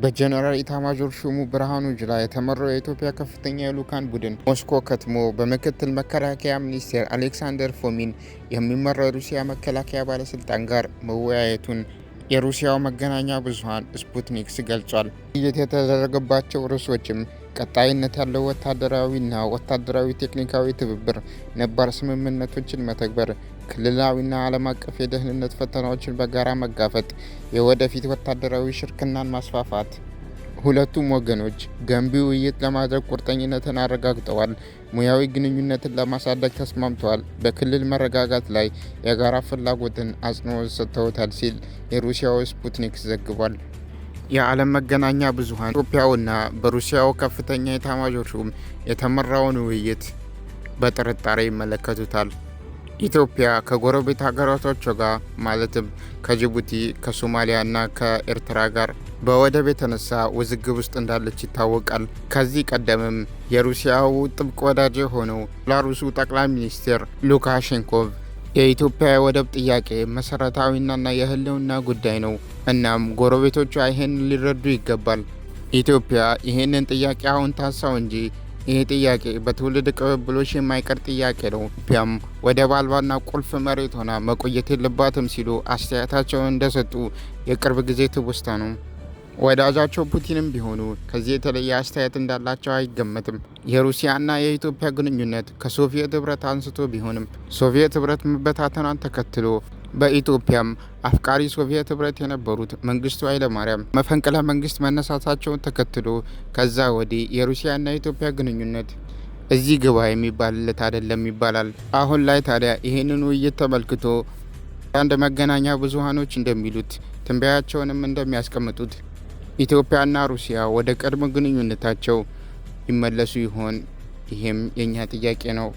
በጀነራል ኢታማዦር ሹሙ ብርሃኑ ጁላ የተመራው የኢትዮጵያ ከፍተኛ የሉካን ቡድን ሞስኮ ከትሞ በምክትል መከላከያ ሚኒስቴር አሌክሳንደር ፎሚን የሚመራው የሩሲያ መከላከያ ባለስልጣን ጋር መወያየቱን የሩሲያው መገናኛ ብዙሃን ስፑትኒክስ ገልጿል። ውይይት የተደረገባቸው ርዕሶችም ቀጣይነት ያለው ወታደራዊና ወታደራዊ ቴክኒካዊ ትብብር፣ ነባር ስምምነቶችን መተግበር ክልላዊና ዓለም አቀፍ የደህንነት ፈተናዎችን በጋራ መጋፈጥ፣ የወደፊት ወታደራዊ ሽርክናን ማስፋፋት። ሁለቱም ወገኖች ገንቢ ውይይት ለማድረግ ቁርጠኝነትን አረጋግጠዋል። ሙያዊ ግንኙነትን ለማሳደግ ተስማምተዋል። በክልል መረጋጋት ላይ የጋራ ፍላጎትን አጽንዖት ሰጥተውታል ሲል የሩሲያው ስፑትኒክ ዘግቧል። የዓለም መገናኛ ብዙሃን ኢትዮጵያውና በሩሲያው ከፍተኛ ኤታማዦር ሹም የተመራውን ውይይት በጥርጣሬ ይመለከቱታል። ኢትዮጵያ ከጎረቤት ሀገራቶቿ ጋር ማለትም ከጅቡቲ፣ ከሶማሊያ እና ከኤርትራ ጋር በወደብ የተነሳ ውዝግብ ውስጥ እንዳለች ይታወቃል። ከዚህ ቀደምም የሩሲያው ጥብቅ ወዳጅ የሆነው ላሩሱ ጠቅላይ ሚኒስትር ሉካሼንኮቭ የኢትዮጵያ የወደብ ጥያቄ መሰረታዊናና የህልውና ጉዳይ ነው፣ እናም ጎረቤቶቿ ይህን ሊረዱ ይገባል፣ ኢትዮጵያ ይህንን ጥያቄ አሁን ታሳው እንጂ ይህ ጥያቄ በትውልድ ቅብብሎች የማይቀር ጥያቄ ነው። ኢትዮጵያም ወደብ አልባና ቁልፍ መሬት ሆና መቆየት የለባትም ሲሉ አስተያየታቸውን እንደሰጡ የቅርብ ጊዜ ትውስታ ነው። ወዳጃቸው ፑቲንም ቢሆኑ ከዚህ የተለየ አስተያየት እንዳላቸው አይገመትም። የሩሲያና የኢትዮጵያ ግንኙነት ከሶቪየት ህብረት አንስቶ ቢሆንም ሶቪየት ህብረት መበታተናን ተከትሎ በኢትዮጵያም አፍቃሪ ሶቪየት ህብረት የነበሩት መንግስቱ ኃይለማርያም መፈንቅለ መንግስት መነሳታቸውን ተከትሎ ከዛ ወዲህ የሩሲያና የኢትዮጵያ ግንኙነት እዚህ ግባ የሚባልለት አይደለም ይባላል። አሁን ላይ ታዲያ ይህንን ውይይት ተመልክቶ አንድ መገናኛ ብዙሃኖች እንደሚሉት ትንበያቸውንም እንደሚያስቀምጡት ኢትዮጵያና ሩሲያ ወደ ቀድሞ ግንኙነታቸው ይመለሱ ይሆን? ይህም የእኛ ጥያቄ ነው።